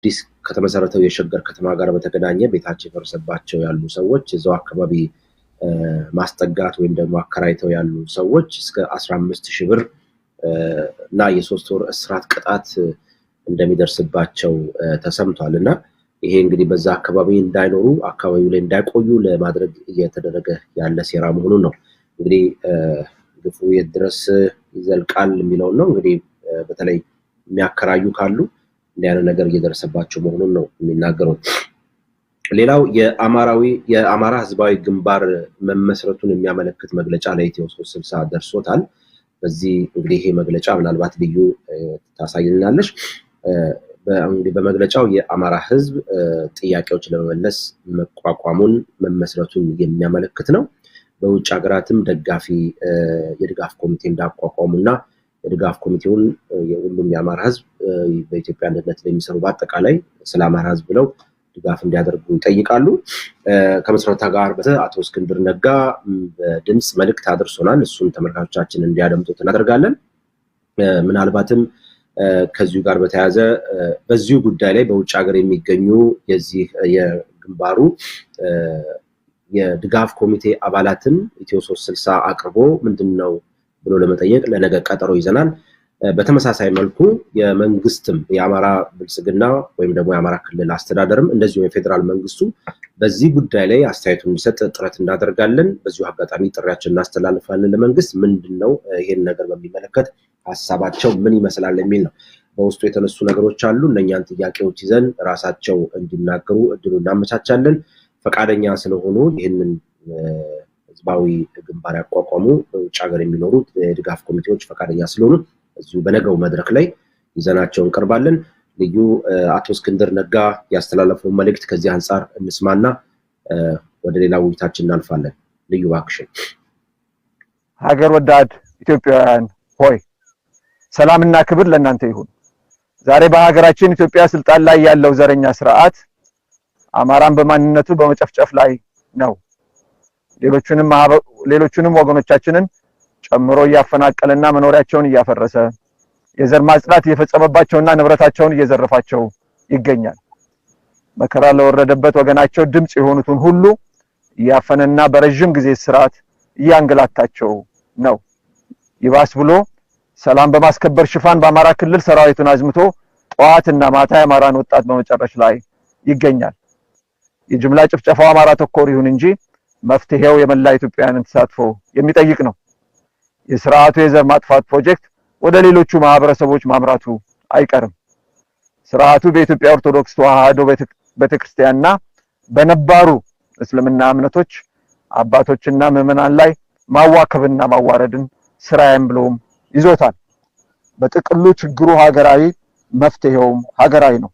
አዲስ ከተመሰረተው የሸገር ከተማ ጋር በተገናኘ ቤታቸው የፈረሰባቸው ያሉ ሰዎች እዛው አካባቢ ማስጠጋት ወይም ደግሞ አከራይተው ያሉ ሰዎች እስከ አስራ አምስት ሺህ ብር እና የሶስት ወር እስራት ቅጣት እንደሚደርስባቸው ተሰምቷል እና ይሄ እንግዲህ በዛ አካባቢ እንዳይኖሩ አካባቢው ላይ እንዳይቆዩ ለማድረግ እየተደረገ ያለ ሴራ መሆኑን ነው። እንግዲህ ግፉ የት ድረስ ይዘልቃል የሚለውን ነው። እንግዲህ በተለይ የሚያከራዩ ካሉ እንዲያነ ነገር እየደረሰባቸው መሆኑን ነው የሚናገረው። ሌላው የአማራዊ የአማራ ህዝባዊ ግንባር መመስረቱን የሚያመለክት መግለጫ ለኢትዮ ሶስት ስልሳ ደርሶታል። በዚህ እንግዲህ ይሄ መግለጫ ምናልባት ልዩ ታሳይልናለች። እንግዲህ በመግለጫው የአማራ ህዝብ ጥያቄዎች ለመመለስ መቋቋሙን መመስረቱን የሚያመለክት ነው። በውጭ ሀገራትም ደጋፊ የድጋፍ ኮሚቴ እንዳቋቋሙና የድጋፍ ኮሚቴውን የሁሉም የአማራ ህዝብ በኢትዮጵያ አንድነት ለሚሰሩ በአጠቃላይ ስለ አማራ ህዝብ ብለው ድጋፍ እንዲያደርጉ ይጠይቃሉ። ከመስረታ ጋር አቶ እስክንድር ነጋ በድምፅ መልእክት አድርሶናል። እሱን ተመልካቾቻችን እንዲያደምጡት እናደርጋለን። ምናልባትም ከዚሁ ጋር በተያያዘ በዚሁ ጉዳይ ላይ በውጭ ሀገር የሚገኙ የዚህ የግንባሩ የድጋፍ ኮሚቴ አባላትን ኢትዮ ሶስት ስልሳ አቅርቦ ምንድን ነው ብሎ ለመጠየቅ ለነገ ቀጠሮ ይዘናል። በተመሳሳይ መልኩ የመንግስትም የአማራ ብልጽግና ወይም ደግሞ የአማራ ክልል አስተዳደርም እንደዚሁም የፌዴራል መንግስቱ በዚህ ጉዳይ ላይ አስተያየቱ እንዲሰጥ ጥረት እናደርጋለን። በዚሁ አጋጣሚ ጥሪያችን እናስተላልፋለን ለመንግስት። ምንድን ነው ይህን ነገር በሚመለከት ሀሳባቸው ምን ይመስላል የሚል ነው። በውስጡ የተነሱ ነገሮች አሉ። እነኛን ጥያቄዎች ይዘን ራሳቸው እንዲናገሩ እድሉ እናመቻቻለን። ፈቃደኛ ስለሆኑ ይህንን ህዝባዊ ግንባር ያቋቋሙ ውጭ ሀገር የሚኖሩ የድጋፍ ኮሚቴዎች ፈቃደኛ ስለሆኑ እዚሁ በነገው መድረክ ላይ ይዘናቸው እንቀርባለን። ልዩ አቶ እስክንድር ነጋ ያስተላለፈውን መልእክት ከዚህ አንጻር እንስማና ወደ ሌላ ውይይታችን እናልፋለን። ልዩ ባክሽን ሀገር ወዳድ ኢትዮጵያውያን ሆይ ሰላምና ክብር ለእናንተ ይሁን። ዛሬ በሀገራችን ኢትዮጵያ ስልጣን ላይ ያለው ዘረኛ ስርዓት አማራን በማንነቱ በመጨፍጨፍ ላይ ነው። ሌሎቹንም ሌሎቹንም ወገኖቻችንን ጨምሮ እያፈናቀለና መኖሪያቸውን እያፈረሰ የዘር ማጽዳት እየፈጸመባቸውና ንብረታቸውን እየዘረፋቸው ይገኛል። መከራ ለወረደበት ወገናቸው ድምፅ የሆኑትን ሁሉ እያፈነና በረዥም ጊዜ ስርዓት እያንገላታቸው ነው። ይባስ ብሎ ሰላም በማስከበር ሽፋን በአማራ ክልል ሰራዊቱን አዝምቶ ጠዋትና ማታ የአማራን ወጣት በመጨረሽ ላይ ይገኛል። የጅምላ ጭፍጨፋው አማራ ተኮር ይሁን እንጂ መፍትሄው የመላ ኢትዮጵያውያንን ተሳትፎ የሚጠይቅ ነው። የስርዓቱ የዘር ማጥፋት ፕሮጀክት ወደ ሌሎቹ ማህበረሰቦች ማምራቱ አይቀርም። ስርዓቱ በኢትዮጵያ ኦርቶዶክስ ተዋህዶ ቤተክርስቲያንና በነባሩ እስልምና እምነቶች አባቶችና ምዕመናን ላይ ማዋከብና ማዋረድን ስራዬም ብሎም ይዞታል። በጥቅሉ ችግሩ ሀገራዊ መፍትሄውም ሀገራዊ ነው።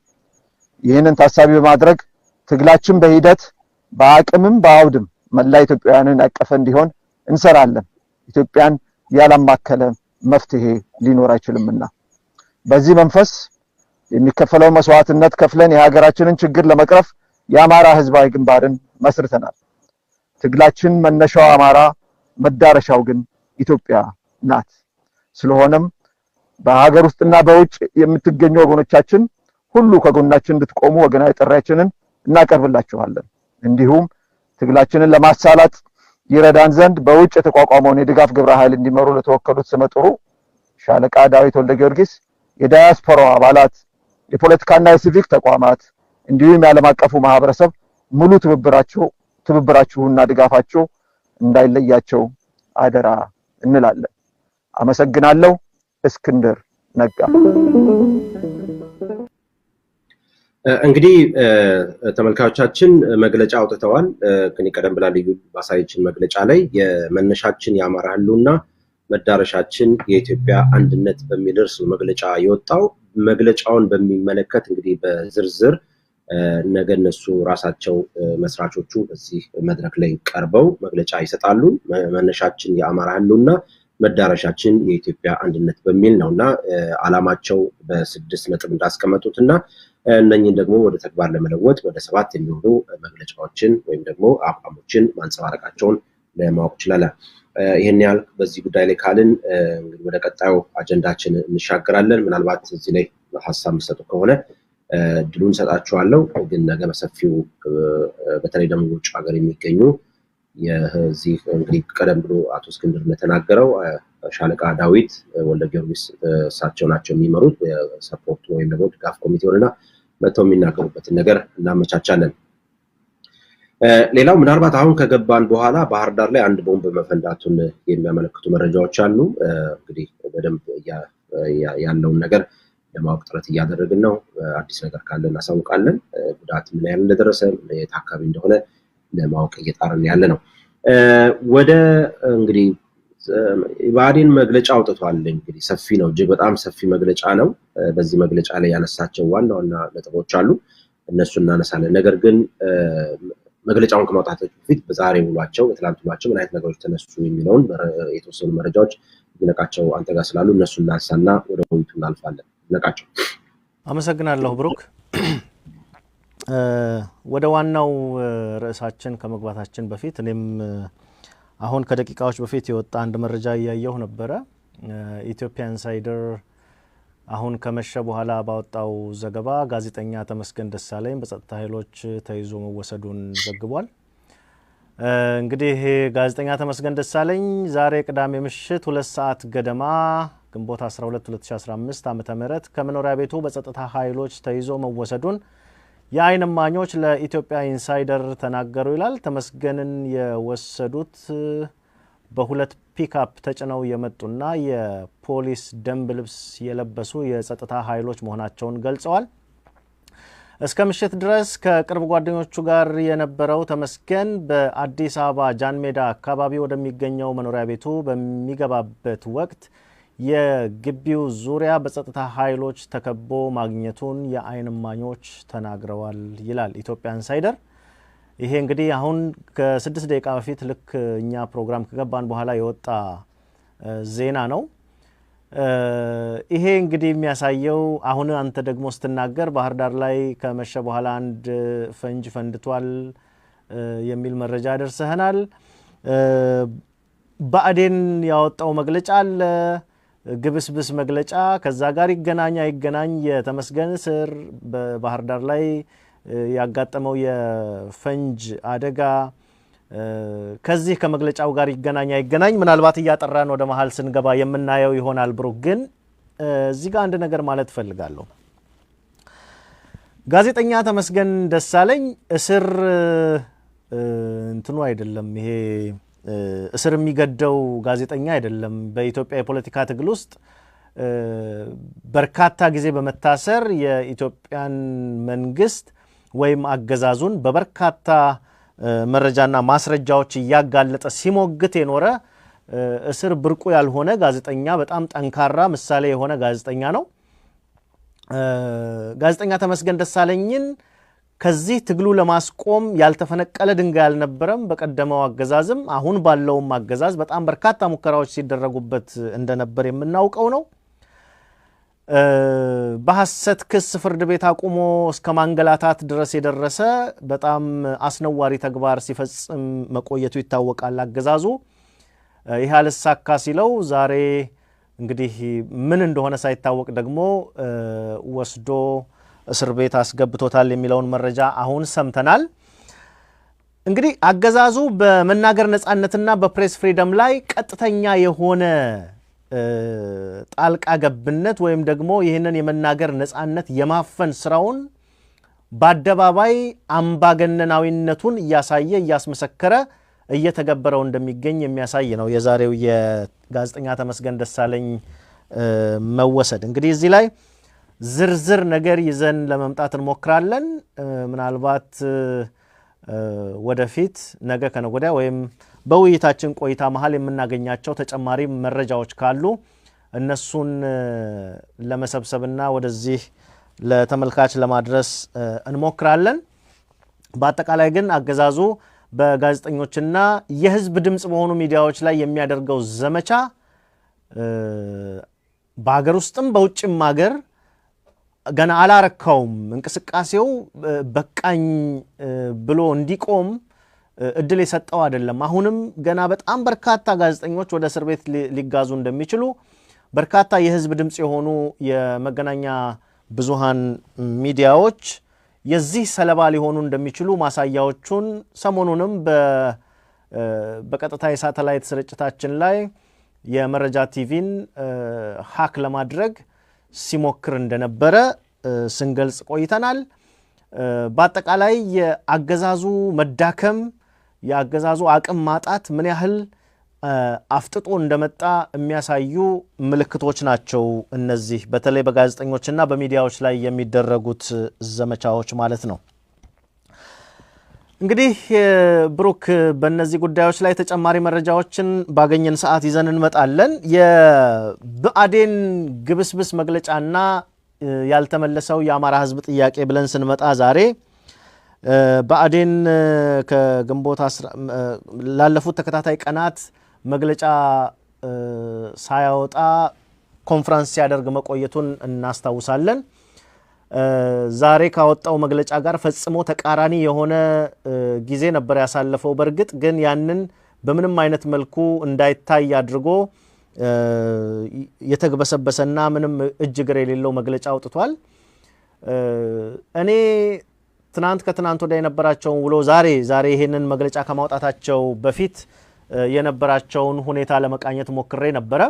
ይህንን ታሳቢ በማድረግ ትግላችን በሂደት በአቅምም በአውድም መላ ኢትዮጵያውያንን ያቀፈ እንዲሆን እንሰራለን። ኢትዮጵያን ያላማከለ መፍትሄ ሊኖር አይችልምና በዚህ መንፈስ የሚከፈለው መስዋዕትነት ከፍለን የሀገራችንን ችግር ለመቅረፍ የአማራ ህዝባዊ ግንባርን መስርተናል። ትግላችን መነሻው አማራ፣ መዳረሻው ግን ኢትዮጵያ ናት። ስለሆነም በሀገር ውስጥና በውጭ የምትገኙ ወገኖቻችን ሁሉ ከጎናችን እንድትቆሙ ወገናዊ ጥሪያችንን እናቀርብላችኋለን። እንዲሁም ትግላችንን ለማሳላት ይረዳን ዘንድ በውጭ የተቋቋመውን የድጋፍ ግብረ ኃይል እንዲመሩ ለተወከሉት ስመጥሩ ሻለቃ ዳዊት ወልደ ጊዮርጊስ፣ የዳያስፖራ አባላት፣ የፖለቲካና የሲቪክ ተቋማት እንዲሁም የዓለም አቀፉ ማህበረሰብ ሙሉ ትብብራችሁ ትብብራችሁና ድጋፋችሁ እንዳይለያቸው አደራ እንላለን። አመሰግናለሁ። እስክንድር ነጋ እንግዲህ ተመልካዮቻችን መግለጫ አውጥተዋል። ግን ቀደም ብላ ልዩ ባሳየችን መግለጫ ላይ የመነሻችን የአማራ ህልውና መዳረሻችን የኢትዮጵያ አንድነት በሚል ርዕስ መግለጫ የወጣው። መግለጫውን በሚመለከት እንግዲህ በዝርዝር ነገ እነሱ ራሳቸው መስራቾቹ በዚህ መድረክ ላይ ቀርበው መግለጫ ይሰጣሉ። መነሻችን የአማራ ህልውና መዳረሻችን የኢትዮጵያ አንድነት በሚል ነው እና አላማቸው በስድስት ነጥብ እንዳስቀመጡት እና እነኝን ደግሞ ወደ ተግባር ለመለወጥ ወደ ሰባት የሚሆኑ መግለጫዎችን ወይም ደግሞ አቋሞችን ማንጸባረቃቸውን ለማወቅ ችላለ። ይህን ያህል በዚህ ጉዳይ ላይ ካልን እንግዲህ ወደ ቀጣዩ አጀንዳችን እንሻገራለን። ምናልባት እዚህ ላይ ሀሳብ የምትሰጡ ከሆነ ድሉን እሰጣችኋለሁ። ግን ነገ በሰፊው በተለይ ደግሞ ውጭ ሀገር የሚገኙ የዚህ እንግዲህ ቀደም ብሎ አቶ እስክንድር እንደተናገረው ሻለቃ ዳዊት ወልደ ጊዮርጊስ እሳቸው ናቸው የሚመሩት የሰፖርት ወይም ደግሞ ድጋፍ ኮሚቴውን እና መጥተው የሚናገሩበትን ነገር እናመቻቻለን። ሌላው ምናልባት አሁን ከገባን በኋላ ባህር ዳር ላይ አንድ ቦምብ መፈንዳቱን የሚያመለክቱ መረጃዎች አሉ። እንግዲህ በደንብ ያለውን ነገር ለማወቅ ጥረት እያደረግን ነው። አዲስ ነገር ካለ እናሳውቃለን። ጉዳት ምን ያህል እንደደረሰ የት አካባቢ እንደሆነ ለማወቅ እየጣርን ያለ ነው። ወደ እንግዲህ ብአዴን መግለጫ አውጥቷል። እንግዲህ ሰፊ ነው፣ እጅግ በጣም ሰፊ መግለጫ ነው። በዚህ መግለጫ ላይ ያነሳቸው ዋና ዋና ነጥቦች አሉ፣ እነሱ እናነሳለን። ነገር ግን መግለጫውን ከማውጣታቸው በፊት በዛሬ ውሏቸው፣ በትላንት ውሏቸው ምን አይነት ነገሮች ተነሱ የሚለውን የተወሰኑ መረጃዎች ይነቃቸው አንተ ጋር ስላሉ እነሱ እናነሳና ወደ ውይይቱ እናልፋለን። ይነቃቸው፣ አመሰግናለሁ ብሩክ። ወደ ዋናው ርዕሳችን ከመግባታችን በፊት እኔም አሁን ከደቂቃዎች በፊት የወጣ አንድ መረጃ እያየሁ ነበረ። ኢትዮጵያ ኢንሳይደር አሁን ከመሸ በኋላ ባወጣው ዘገባ ጋዜጠኛ ተመስገን ደሳለኝ በጸጥታ ኃይሎች ተይዞ መወሰዱን ዘግቧል። እንግዲህ ጋዜጠኛ ተመስገን ደሳለኝ ዛሬ ቅዳሜ ምሽት ሁለት ሰዓት ገደማ ግንቦት 12 2015 ዓ ም ከመኖሪያ ቤቱ በጸጥታ ኃይሎች ተይዞ መወሰዱን የአይን ማኞች ለኢትዮጵያ ኢንሳይደር ተናገሩ ይላል። ተመስገንን የወሰዱት በሁለት ፒክአፕ ተጭነው የመጡና የፖሊስ ደንብ ልብስ የለበሱ የጸጥታ ኃይሎች መሆናቸውን ገልጸዋል። እስከ ምሽት ድረስ ከቅርብ ጓደኞቹ ጋር የነበረው ተመስገን በአዲስ አበባ ጃንሜዳ አካባቢ ወደሚገኘው መኖሪያ ቤቱ በሚገባበት ወቅት የግቢው ዙሪያ በጸጥታ ኃይሎች ተከቦ ማግኘቱን የዓይን እማኞች ተናግረዋል ይላል ኢትዮጵያ ኢንሳይደር። ይሄ እንግዲህ አሁን ከስድስት ደቂቃ በፊት ልክ እኛ ፕሮግራም ከገባን በኋላ የወጣ ዜና ነው። ይሄ እንግዲህ የሚያሳየው አሁን አንተ ደግሞ ስትናገር ባህር ዳር ላይ ከመሸ በኋላ አንድ ፈንጅ ፈንድቷል የሚል መረጃ ደርሰህናል። ብአዴን ያወጣው መግለጫ አለ። ግብስብስ መግለጫ ከዛ ጋር ይገናኝ አይገናኝ የተመስገን እስር በባህር ዳር ላይ ያጋጠመው የፈንጅ አደጋ ከዚህ ከመግለጫው ጋር ይገናኝ አይገናኝ ምናልባት እያጠራን ወደ መሀል ስንገባ የምናየው ይሆናል። ብሩክ ግን እዚህ ጋር አንድ ነገር ማለት እፈልጋለሁ። ጋዜጠኛ ተመስገን ደሳለኝ እስር እንትኑ አይደለም ይሄ እስር የሚገደው ጋዜጠኛ አይደለም። በኢትዮጵያ የፖለቲካ ትግል ውስጥ በርካታ ጊዜ በመታሰር የኢትዮጵያን መንግስት ወይም አገዛዙን በበርካታ መረጃና ማስረጃዎች እያጋለጠ ሲሞግት የኖረ እስር ብርቁ ያልሆነ ጋዜጠኛ፣ በጣም ጠንካራ ምሳሌ የሆነ ጋዜጠኛ ነው። ጋዜጠኛ ተመስገን ደሳለኝን ከዚህ ትግሉ ለማስቆም ያልተፈነቀለ ድንጋይ አልነበረም። በቀደመው አገዛዝም አሁን ባለውም አገዛዝ በጣም በርካታ ሙከራዎች ሲደረጉበት እንደነበር የምናውቀው ነው። በሐሰት ክስ ፍርድ ቤት አቁሞ እስከ ማንገላታት ድረስ የደረሰ በጣም አስነዋሪ ተግባር ሲፈጽም መቆየቱ ይታወቃል። አገዛዙ ይህ አልሳካ ሲለው ዛሬ እንግዲህ ምን እንደሆነ ሳይታወቅ ደግሞ ወስዶ እስር ቤት አስገብቶታል የሚለውን መረጃ አሁን ሰምተናል። እንግዲህ አገዛዙ በመናገር ነጻነትና በፕሬስ ፍሪደም ላይ ቀጥተኛ የሆነ ጣልቃ ገብነት ወይም ደግሞ ይህንን የመናገር ነጻነት የማፈን ስራውን በአደባባይ አምባገነናዊነቱን እያሳየ እያስመሰከረ እየተገበረው እንደሚገኝ የሚያሳይ ነው የዛሬው የጋዜጠኛ ተመስገን ደሳለኝ መወሰድ። እንግዲህ እዚህ ላይ ዝርዝር ነገር ይዘን ለመምጣት እንሞክራለን። ምናልባት ወደፊት ነገ ከነጎዳያ ወይም በውይይታችን ቆይታ መሀል የምናገኛቸው ተጨማሪ መረጃዎች ካሉ እነሱን ለመሰብሰብና ወደዚህ ለተመልካች ለማድረስ እንሞክራለን። በአጠቃላይ ግን አገዛዙ በጋዜጠኞችና የህዝብ ድምፅ በሆኑ ሚዲያዎች ላይ የሚያደርገው ዘመቻ በሀገር ውስጥም በውጭም ሀገር ገና አላረካውም፣ እንቅስቃሴው በቃኝ ብሎ እንዲቆም እድል የሰጠው አይደለም። አሁንም ገና በጣም በርካታ ጋዜጠኞች ወደ እስር ቤት ሊጋዙ እንደሚችሉ በርካታ የህዝብ ድምፅ የሆኑ የመገናኛ ብዙሃን ሚዲያዎች የዚህ ሰለባ ሊሆኑ እንደሚችሉ ማሳያዎቹን ሰሞኑንም በቀጥታ የሳተላይት ስርጭታችን ላይ የመረጃ ቲቪን ሀክ ለማድረግ ሲሞክር እንደነበረ ስንገልጽ ቆይተናል። በአጠቃላይ የአገዛዙ መዳከም፣ የአገዛዙ አቅም ማጣት ምን ያህል አፍጥጦ እንደመጣ የሚያሳዩ ምልክቶች ናቸው እነዚህ በተለይ በጋዜጠኞችና በሚዲያዎች ላይ የሚደረጉት ዘመቻዎች ማለት ነው። እንግዲህ ብሩክ በእነዚህ ጉዳዮች ላይ ተጨማሪ መረጃዎችን ባገኘን ሰዓት ይዘን እንመጣለን። የብአዴን ግብስብስ መግለጫና ያልተመለሰው የአማራ ሕዝብ ጥያቄ ብለን ስንመጣ ዛሬ ብአዴን ከግንቦት ላለፉት ተከታታይ ቀናት መግለጫ ሳያወጣ ኮንፍረንስ ሲያደርግ መቆየቱን እናስታውሳለን። ዛሬ ካወጣው መግለጫ ጋር ፈጽሞ ተቃራኒ የሆነ ጊዜ ነበር ያሳለፈው። በእርግጥ ግን ያንን በምንም አይነት መልኩ እንዳይታይ አድርጎ የተግበሰበሰና ምንም እጅ እግር የሌለው መግለጫ አውጥቷል። እኔ ትናንት ከትናንት ወዲያ የነበራቸውን ውሎ ዛሬ ዛሬ ይህንን መግለጫ ከማውጣታቸው በፊት የነበራቸውን ሁኔታ ለመቃኘት ሞክሬ ነበረ።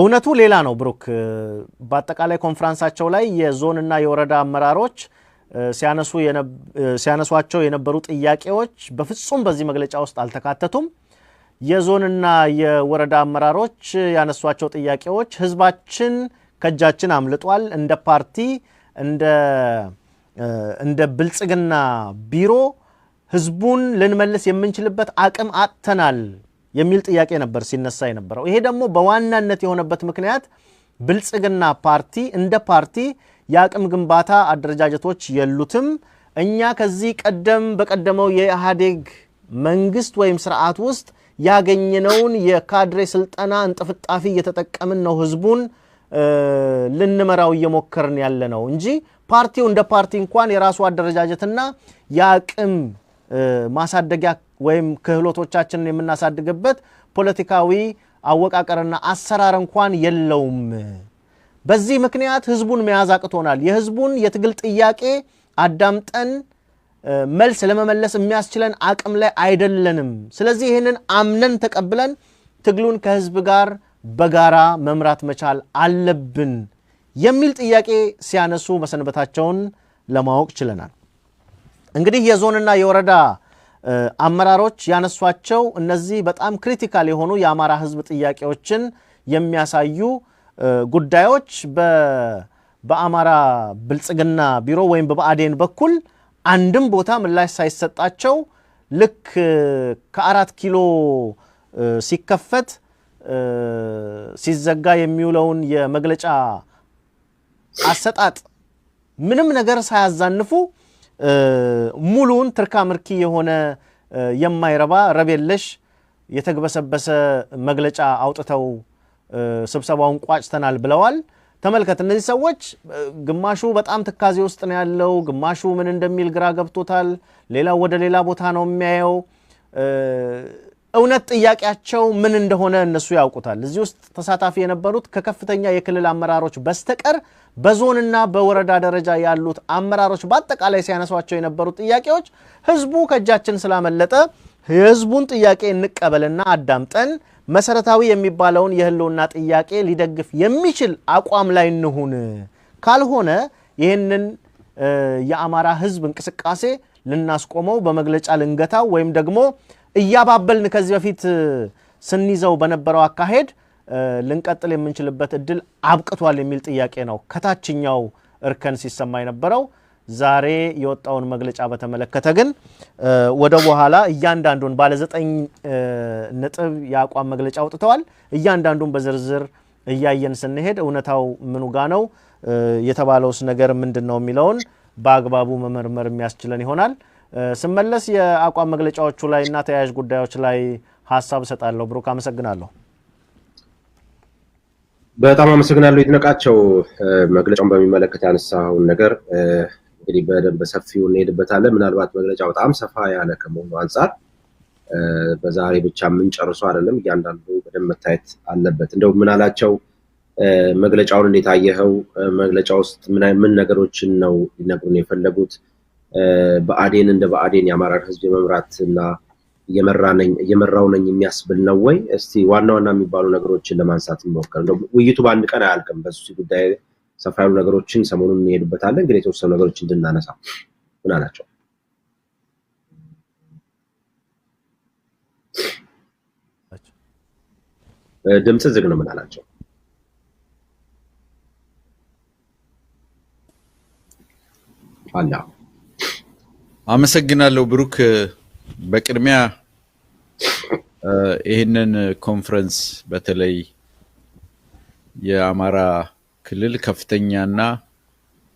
እውነቱ ሌላ ነው። ብሩክ በአጠቃላይ ኮንፈረንሳቸው ላይ የዞንና የወረዳ አመራሮች ሲያነሷቸው የነበሩ ጥያቄዎች በፍጹም በዚህ መግለጫ ውስጥ አልተካተቱም። የዞንና የወረዳ አመራሮች ያነሷቸው ጥያቄዎች ህዝባችን ከእጃችን አምልጧል፣ እንደ ፓርቲ እንደ ብልጽግና ቢሮ ህዝቡን ልንመልስ የምንችልበት አቅም አጥተናል የሚል ጥያቄ ነበር ሲነሳ የነበረው። ይሄ ደግሞ በዋናነት የሆነበት ምክንያት ብልጽግና ፓርቲ እንደ ፓርቲ የአቅም ግንባታ አደረጃጀቶች የሉትም። እኛ ከዚህ ቀደም በቀደመው የኢህአዴግ መንግስት ወይም ስርዓት ውስጥ ያገኘነውን የካድሬ ስልጠና እንጥፍጣፊ እየተጠቀምን ነው ህዝቡን ልንመራው እየሞከርን ያለ ነው እንጂ ፓርቲው እንደ ፓርቲ እንኳን የራሱ አደረጃጀትና የአቅም ማሳደጊያ ወይም ክህሎቶቻችንን የምናሳድግበት ፖለቲካዊ አወቃቀርና አሰራር እንኳን የለውም። በዚህ ምክንያት ህዝቡን መያዝ አቅቶናል። የህዝቡን የትግል ጥያቄ አዳምጠን መልስ ለመመለስ የሚያስችለን አቅም ላይ አይደለንም። ስለዚህ ይህንን አምነን ተቀብለን ትግሉን ከህዝብ ጋር በጋራ መምራት መቻል አለብን የሚል ጥያቄ ሲያነሱ መሰንበታቸውን ለማወቅ ችለናል። እንግዲህ የዞንና የወረዳ አመራሮች ያነሷቸው እነዚህ በጣም ክሪቲካል የሆኑ የአማራ ህዝብ ጥያቄዎችን የሚያሳዩ ጉዳዮች በአማራ ብልጽግና ቢሮ ወይም በብአዴን በኩል አንድም ቦታ ምላሽ ሳይሰጣቸው ልክ ከአራት ኪሎ ሲከፈት ሲዘጋ የሚውለውን የመግለጫ አሰጣጥ ምንም ነገር ሳያዛንፉ ሙሉን ትርካ ምርኪ የሆነ የማይረባ ረቤለሽ የተግበሰበሰ መግለጫ አውጥተው ስብሰባውን ቋጭተናል ብለዋል። ተመልከት፣ እነዚህ ሰዎች ግማሹ በጣም ትካዜ ውስጥ ነው ያለው፣ ግማሹ ምን እንደሚል ግራ ገብቶታል፣ ሌላው ወደ ሌላ ቦታ ነው የሚያየው። እውነት ጥያቄያቸው ምን እንደሆነ እነሱ ያውቁታል። እዚህ ውስጥ ተሳታፊ የነበሩት ከከፍተኛ የክልል አመራሮች በስተቀር በዞንና በወረዳ ደረጃ ያሉት አመራሮች በአጠቃላይ ሲያነሷቸው የነበሩት ጥያቄዎች ህዝቡ ከእጃችን ስላመለጠ የህዝቡን ጥያቄ እንቀበልና አዳምጠን መሰረታዊ የሚባለውን የህልውና ጥያቄ ሊደግፍ የሚችል አቋም ላይ እንሁን፣ ካልሆነ ይህንን የአማራ ህዝብ እንቅስቃሴ ልናስቆመው፣ በመግለጫ ልንገታው ወይም ደግሞ እያባበልን ከዚህ በፊት ስንይዘው በነበረው አካሄድ ልንቀጥል የምንችልበት እድል አብቅቷል የሚል ጥያቄ ነው ከታችኛው እርከን ሲሰማ የነበረው። ዛሬ የወጣውን መግለጫ በተመለከተ ግን ወደ በኋላ እያንዳንዱን ባለ ዘጠኝ ነጥብ የአቋም መግለጫ አውጥተዋል። እያንዳንዱን በዝርዝር እያየን ስንሄድ እውነታው ምኑ ጋ ነው የተባለውስ ነገር ምንድን ነው የሚለውን በአግባቡ መመርመር የሚያስችለን ይሆናል። ስመለስ የአቋም መግለጫዎቹ ላይ እና ተያያዥ ጉዳዮች ላይ ሀሳብ እሰጣለሁ። ብሩክ አመሰግናለሁ። በጣም አመሰግናለሁ። ይድነቃቸው መግለጫውን በሚመለከት ያነሳውን ነገር እንግዲህ በደንብ በሰፊው እንሄድበታለን። ምናልባት መግለጫ በጣም ሰፋ ያለ ከመሆኑ አንጻር በዛሬ ብቻ የምንጨርሱ አይደለም። እያንዳንዱ በደንብ መታየት አለበት። እንደው ምናላቸው መግለጫውን እንዴት አየኸው? መግለጫ ውስጥ ምን ነገሮችን ነው ሊነግሩን የፈለጉት? በአዴን እንደ በአዴን የአማራን ህዝብ የመምራትና እየመራው ነኝ የሚያስብል ነው ወይ? እስቲ ዋና ዋና የሚባሉ ነገሮችን ለማንሳት እንሞክር። ውይይቱ በአንድ ቀን አያልቅም። በሱ ጉዳይ ሰፋ ያሉ ነገሮችን ሰሞኑን እንሄድበታለን። ግን የተወሰኑ ነገሮች እንድናነሳ ምን አላቸው? ድምፅ ዝግ ነው። ምን አላቸው? አላ አመሰግናለሁ ብሩክ። በቅድሚያ ይህንን ኮንፈረንስ በተለይ የአማራ ክልል ከፍተኛና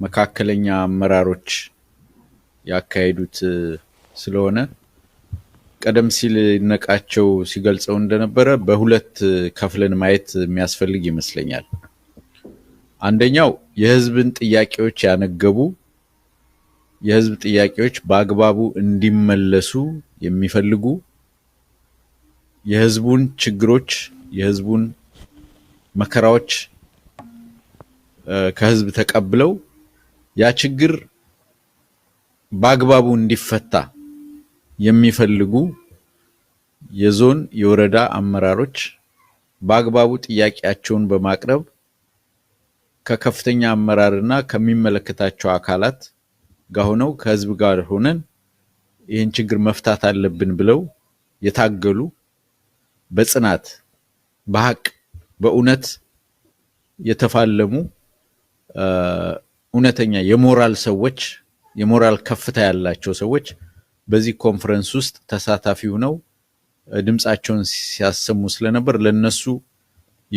መካከለኛ አመራሮች ያካሄዱት ስለሆነ ቀደም ሲል ይድነቃቸው ሲገልጸው እንደነበረ በሁለት ከፍለን ማየት የሚያስፈልግ ይመስለኛል። አንደኛው የሕዝብን ጥያቄዎች ያነገቡ የህዝብ ጥያቄዎች በአግባቡ እንዲመለሱ የሚፈልጉ የህዝቡን ችግሮች የህዝቡን መከራዎች ከህዝብ ተቀብለው ያ ችግር በአግባቡ እንዲፈታ የሚፈልጉ የዞን የወረዳ አመራሮች በአግባቡ ጥያቄያቸውን በማቅረብ ከከፍተኛ አመራርና ከሚመለከታቸው አካላት ጋር ሆነው ከህዝብ ጋር ሆነን ይህን ችግር መፍታት አለብን ብለው የታገሉ በጽናት በሀቅ በእውነት የተፋለሙ እውነተኛ የሞራል ሰዎች የሞራል ከፍታ ያላቸው ሰዎች በዚህ ኮንፈረንስ ውስጥ ተሳታፊ ሆነው ድምፃቸውን ሲያሰሙ ስለነበር ለነሱ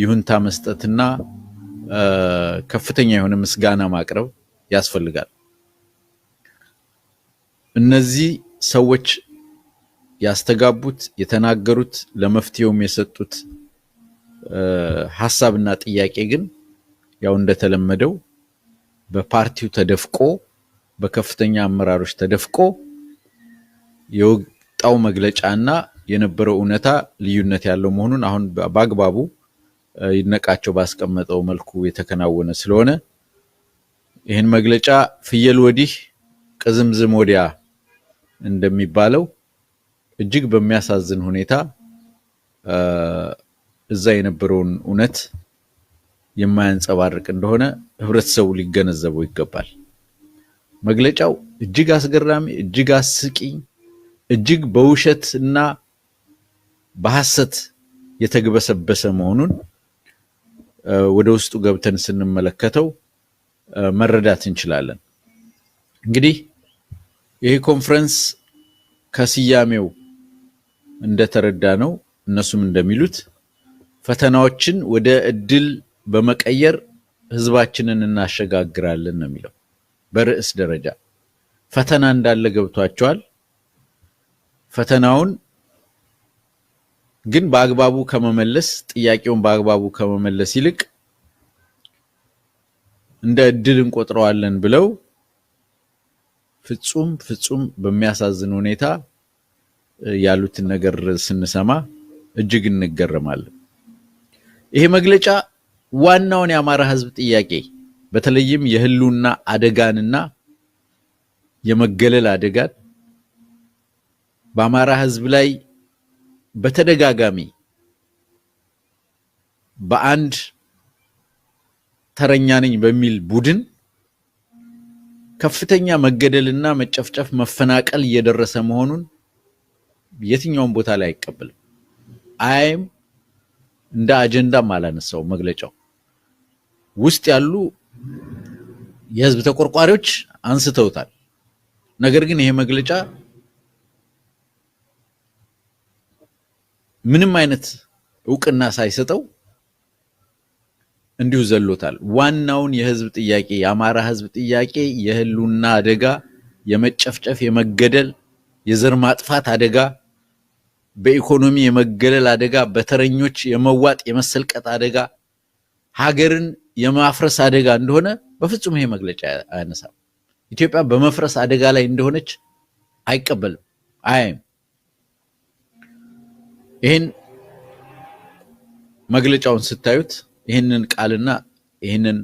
ይሁንታ መስጠትና ከፍተኛ የሆነ ምስጋና ማቅረብ ያስፈልጋል። እነዚህ ሰዎች ያስተጋቡት የተናገሩት ለመፍትሄውም የሰጡት ሀሳብና ጥያቄ ግን ያው እንደተለመደው በፓርቲው ተደፍቆ በከፍተኛ አመራሮች ተደፍቆ የወጣው መግለጫና የነበረው እውነታ ልዩነት ያለው መሆኑን አሁን በአግባቡ ይድነቃቸው ባስቀመጠው መልኩ የተከናወነ ስለሆነ ይህን መግለጫ ፍየል ወዲህ ቅዝምዝም ወዲያ እንደሚባለው እጅግ በሚያሳዝን ሁኔታ እዛ የነበረውን እውነት የማያንጸባርቅ እንደሆነ ህብረተሰቡ ሊገነዘበው ይገባል። መግለጫው እጅግ አስገራሚ፣ እጅግ አስቂኝ፣ እጅግ በውሸት እና በሐሰት የተግበሰበሰ መሆኑን ወደ ውስጡ ገብተን ስንመለከተው መረዳት እንችላለን። እንግዲህ ይሄ ኮንፈረንስ ከስያሜው እንደተረዳ ነው እነሱም እንደሚሉት ፈተናዎችን ወደ እድል በመቀየር ህዝባችንን እናሸጋግራለን ነው የሚለው። በርዕስ ደረጃ ፈተና እንዳለ ገብቷቸዋል። ፈተናውን ግን በአግባቡ ከመመለስ ጥያቄውን በአግባቡ ከመመለስ ይልቅ እንደ እድል እንቆጥረዋለን ብለው ፍጹም ፍጹም በሚያሳዝን ሁኔታ ያሉትን ነገር ስንሰማ እጅግ እንገረማለን። ይሄ መግለጫ ዋናውን የአማራ ሕዝብ ጥያቄ በተለይም የህልውና አደጋንና የመገለል አደጋን በአማራ ሕዝብ ላይ በተደጋጋሚ በአንድ ተረኛ ነኝ በሚል ቡድን ከፍተኛ መገደልና መጨፍጨፍ፣ መፈናቀል እየደረሰ መሆኑን የትኛውም ቦታ ላይ አይቀበልም። አይም እንደ አጀንዳም አላነሳው መግለጫው ውስጥ ያሉ የህዝብ ተቆርቋሪዎች አንስተውታል። ነገር ግን ይሄ መግለጫ ምንም አይነት እውቅና ሳይሰጠው እንዲሁ ዘሎታል። ዋናውን የህዝብ ጥያቄ የአማራ ህዝብ ጥያቄ የህሉና አደጋ፣ የመጨፍጨፍ፣ የመገደል፣ የዘር ማጥፋት አደጋ፣ በኢኮኖሚ የመገለል አደጋ፣ በተረኞች የመዋጥ የመሰልቀጥ አደጋ፣ ሀገርን የማፍረስ አደጋ እንደሆነ በፍጹም ይሄ መግለጫ አያነሳም። ኢትዮጵያ በመፍረስ አደጋ ላይ እንደሆነች አይቀበልም፣ አያይም። ይህን መግለጫውን ስታዩት ይህንን ቃልና ይህንን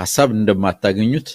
ሀሳብ እንደማታገኙት